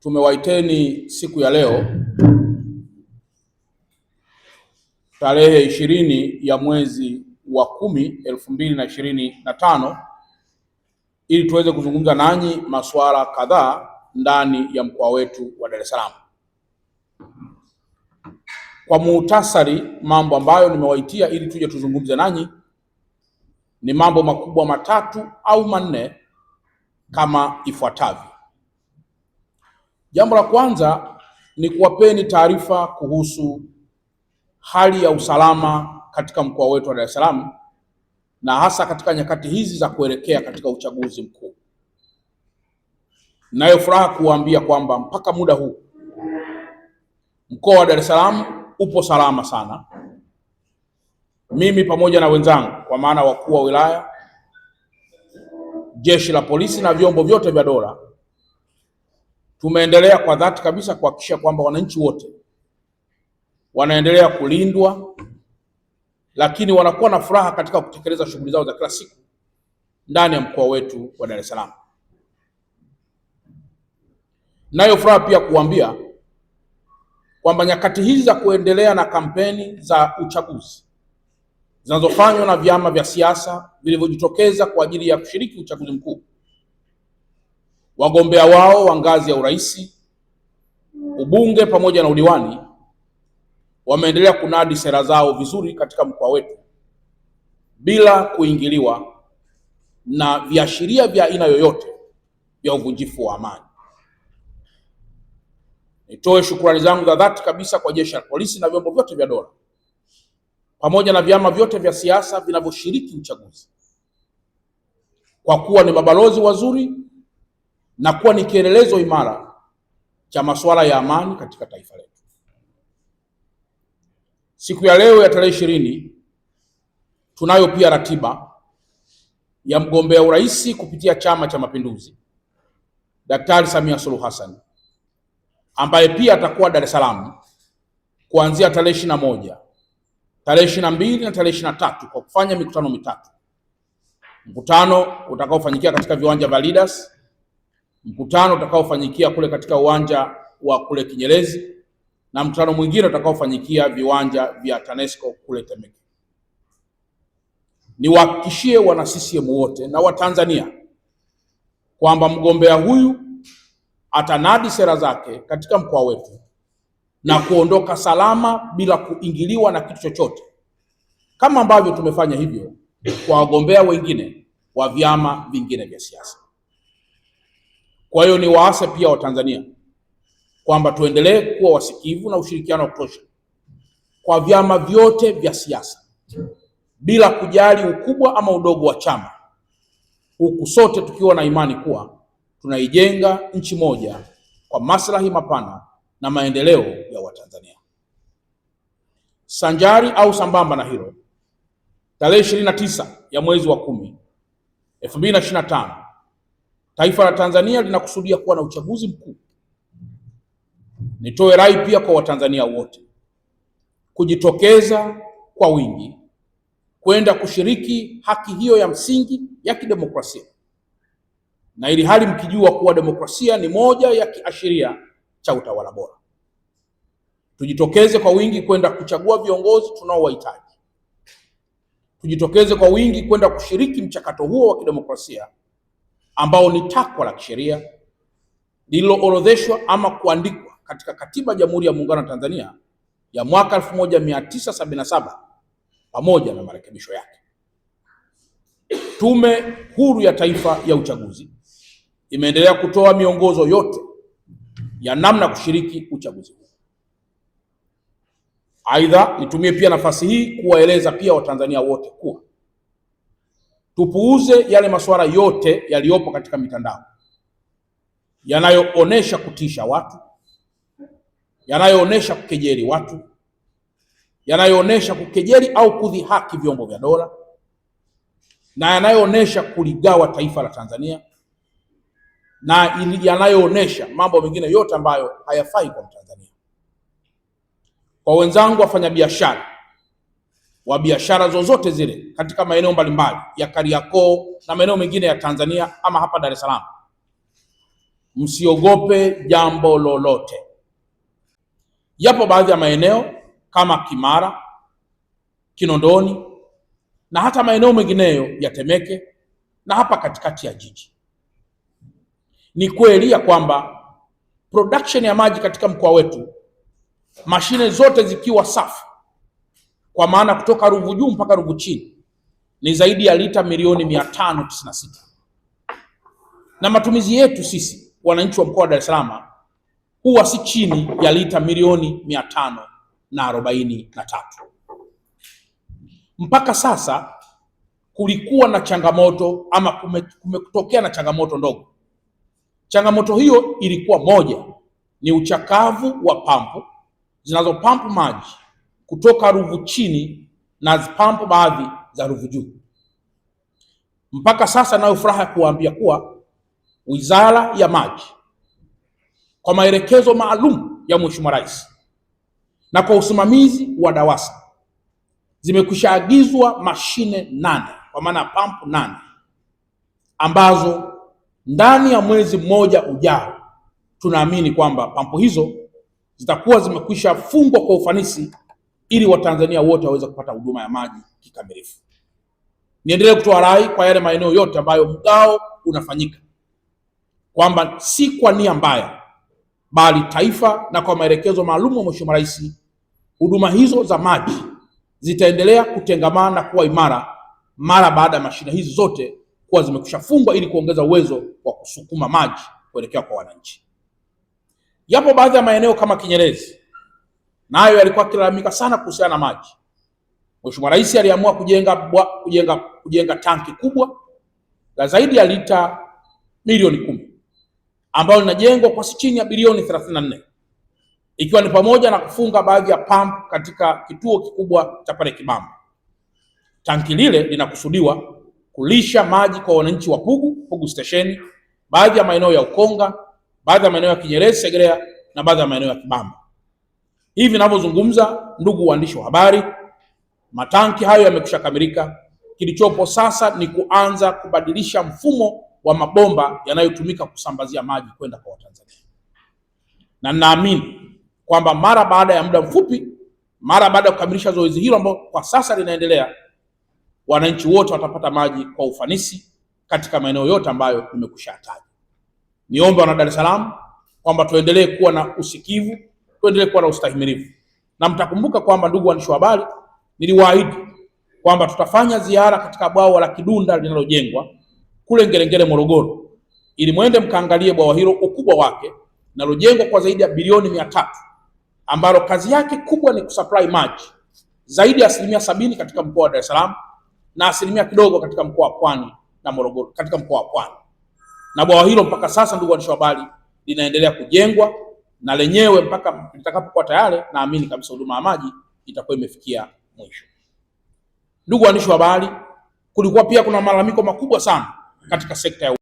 Tumewaiteni siku ya leo tarehe ishirini ya mwezi wa kumi elfu mbili na ishirini na tano ili tuweze kuzungumza nanyi masuala kadhaa ndani ya mkoa wetu wa Dar es Salaam. Kwa muhtasari, mambo ambayo nimewaitia ili tuje tuzungumze nanyi ni mambo makubwa matatu au manne kama ifuatavyo. Jambo la kwanza ni kuwapeni taarifa kuhusu hali ya usalama katika mkoa wetu wa Dar es Salaam na hasa katika nyakati hizi za kuelekea katika uchaguzi mkuu. Nayo furaha kuwaambia kwamba mpaka muda huu mkoa wa Dar es Salaam upo salama sana. Mimi pamoja na wenzangu kwa maana wakuu wa wilaya, jeshi la polisi na vyombo vyote vya dola tumeendelea kwa dhati kabisa kuhakikisha kwamba wananchi wote wanaendelea kulindwa, lakini wanakuwa na furaha katika kutekeleza shughuli zao za kila siku ndani ya mkoa wetu wa Dar es Salaam. Nayo furaha pia kuambia kwamba nyakati hizi za kuendelea na kampeni za uchaguzi zinazofanywa na vyama vya siasa vilivyojitokeza kwa ajili ya kushiriki uchaguzi mkuu wagombea wao wa ngazi ya urais, ubunge pamoja na udiwani wameendelea kunadi sera zao vizuri katika mkoa wetu bila kuingiliwa na viashiria vya aina yoyote vya uvunjifu wa amani. Nitoe shukrani zangu za dhati kabisa kwa jeshi la polisi na vyombo vyote vya dola pamoja na vyama vyote vya siasa vinavyoshiriki uchaguzi kwa kuwa ni mabalozi wazuri na kuwa ni kielelezo imara cha masuala ya amani katika taifa letu. Siku ya leo ya tarehe ishirini tunayo pia ratiba ya mgombea urais kupitia Chama cha Mapinduzi Daktari Samia Suluhu Hassan ambaye pia atakuwa Dar es Salaam kuanzia tarehe ishirini na moja tarehe ishirini na mbili na tarehe ishirini na tatu kwa kufanya mikutano mitatu, mkutano utakaofanyikia katika viwanja vya Leaders mkutano utakaofanyikia kule katika uwanja wa kule Kinyerezi na mkutano mwingine utakaofanyikia viwanja vya TANESCO kule Temeke. Niwahakikishie wana CCM wote na Watanzania kwamba mgombea huyu atanadi sera zake katika mkoa wetu na kuondoka salama bila kuingiliwa na kitu chochote, kama ambavyo tumefanya hivyo kwa wagombea wengine wa vyama vingine vya siasa. Kwa hiyo ni waase pia Watanzania kwamba tuendelee kuwa wasikivu na ushirikiano wa kutosha kwa vyama vyote vya siasa bila kujali ukubwa ama udogo wa chama, huku sote tukiwa na imani kuwa tunaijenga nchi moja kwa maslahi mapana na maendeleo ya Watanzania. Sanjari au sambamba na hilo, tarehe 29 ya mwezi wa kumi 2025 Taifa la Tanzania linakusudia kuwa na uchaguzi mkuu. Nitoe rai pia kwa Watanzania wote kujitokeza kwa wingi kwenda kushiriki haki hiyo ya msingi ya kidemokrasia, na ili hali mkijua kuwa demokrasia ni moja ya kiashiria cha utawala bora. Tujitokeze kwa wingi kwenda kuchagua viongozi tunaowahitaji. Tujitokeze kwa wingi kwenda kushiriki mchakato huo wa kidemokrasia ambao ni takwa la kisheria lililoorodheshwa ama kuandikwa katika Katiba ya Jamhuri ya Muungano wa Tanzania ya mwaka 1977 pamoja na marekebisho yake. Tume Huru ya Taifa ya Uchaguzi imeendelea kutoa miongozo yote ya namna kushiriki uchaguzi huu. Aidha, nitumie pia nafasi hii kuwaeleza pia Watanzania wote kuwa Tupuuze yale masuala yote yaliyopo katika mitandao yanayoonesha kutisha watu, yanayoonesha kukejeli watu, yanayoonesha kukejeli au kudhihaki vyombo vya dola na yanayoonesha kuligawa taifa la Tanzania na yanayoonesha mambo mengine yote ambayo hayafai kwa Mtanzania. Kwa wenzangu wafanyabiashara wa biashara zozote zile katika maeneo mbalimbali ya Kariakoo na maeneo mengine ya Tanzania ama hapa Dar es Salaam, msiogope jambo lolote. Yapo baadhi ya maeneo kama Kimara, Kinondoni na hata maeneo mengineyo ya Temeke na hapa katikati ya jiji. Ni kweli ya kwamba production ya maji katika mkoa wetu, mashine zote zikiwa safi kwa maana kutoka Ruvu juu mpaka Ruvu chini ni zaidi ya lita milioni mia tano tisini na sita na matumizi yetu sisi wananchi wa mkoa wa Dar es Salaam huwa si chini ya lita milioni mia tano na arobaini na tatu. Mpaka sasa kulikuwa na changamoto ama kumetokea na changamoto ndogo. Changamoto hiyo ilikuwa moja, ni uchakavu wa pampu zinazopampu maji kutoka Ruvu chini na pampu baadhi za Ruvu juu. Mpaka sasa nayo furaha ya kuwaambia kuwa Wizara ya Maji kwa maelekezo maalum ya Mheshimiwa Rais na kwa usimamizi wa DAWASA zimekwisha agizwa mashine nane kwa maana pampu nane ambazo ndani ya mwezi mmoja ujao tunaamini kwamba pampu hizo zitakuwa zimekwisha fungwa kwa ufanisi ili Watanzania wote waweze kupata huduma ya maji kikamilifu. Niendelee kutoa rai kwa yale maeneo yote ambayo mgao unafanyika kwamba si kwa nia mbaya, bali taifa na kwa maelekezo maalum ya Mheshimiwa Rais, huduma hizo za maji zitaendelea kutengamana na kuwa imara mara baada ya mashine hizi zote kuwa zimekushafungwa ili kuongeza uwezo wa kusukuma maji kuelekea kwa wananchi. Yapo baadhi ya maeneo kama Kinyerezi nayo yalikuwa akilalamika sana kuhusiana na maji. Mheshimiwa Rais aliamua kujenga, kujenga, kujenga tanki kubwa la zaidi ya lita milioni kumi ambalo linajengwa kwa chini ya bilioni 34 ikiwa ni pamoja na kufunga baadhi ya pump katika kituo kikubwa cha pale Kibamba. Tanki lile linakusudiwa kulisha maji kwa wananchi wa Pugu, Pugu stesheni, baadhi ya maeneo ya Ukonga, baadhi ya maeneo ya Kinyerezi, Segerea na baadhi ya maeneo ya Kibamba. Hivi ninavyozungumza, ndugu waandishi wa habari, matanki hayo yamekwisha kamilika. Kilichopo sasa ni kuanza kubadilisha mfumo wa mabomba yanayotumika kusambazia maji kwenda kwa Watanzania, na naamini kwamba mara baada ya muda mfupi, mara baada ya kukamilisha zoezi hilo ambalo kwa sasa linaendelea, wananchi wote watapata maji kwa ufanisi katika maeneo yote ambayo nimekushataja. Niombe wana Dar es Salaam kwamba tuendelee kuwa na usikivu tuendelee kuwa na ustahimilivu, na mtakumbuka kwamba ndugu waandishi wa habari, niliwaahidi kwamba tutafanya ziara katika bwawa la Kidunda linalojengwa kule Ngerengere, Morogoro, ili mwende mkaangalie bwawa hilo, ukubwa wake, linalojengwa kwa zaidi ya bilioni mia tatu ambalo kazi yake kubwa ni kusupply maji zaidi ya asilimia sabini katika mkoa wa Dar es Salaam na asilimia kidogo katika mkoa wa Pwani na Morogoro katika mkoa wa Pwani. Na bwawa hilo mpaka sasa, ndugu waandishi wa habari, linaendelea kujengwa na lenyewe mpaka litakapokuwa tayari, naamini kabisa huduma ya maji itakuwa imefikia mwisho. Ndugu waandishi wa habari, kulikuwa pia kuna malalamiko makubwa sana katika sekta ya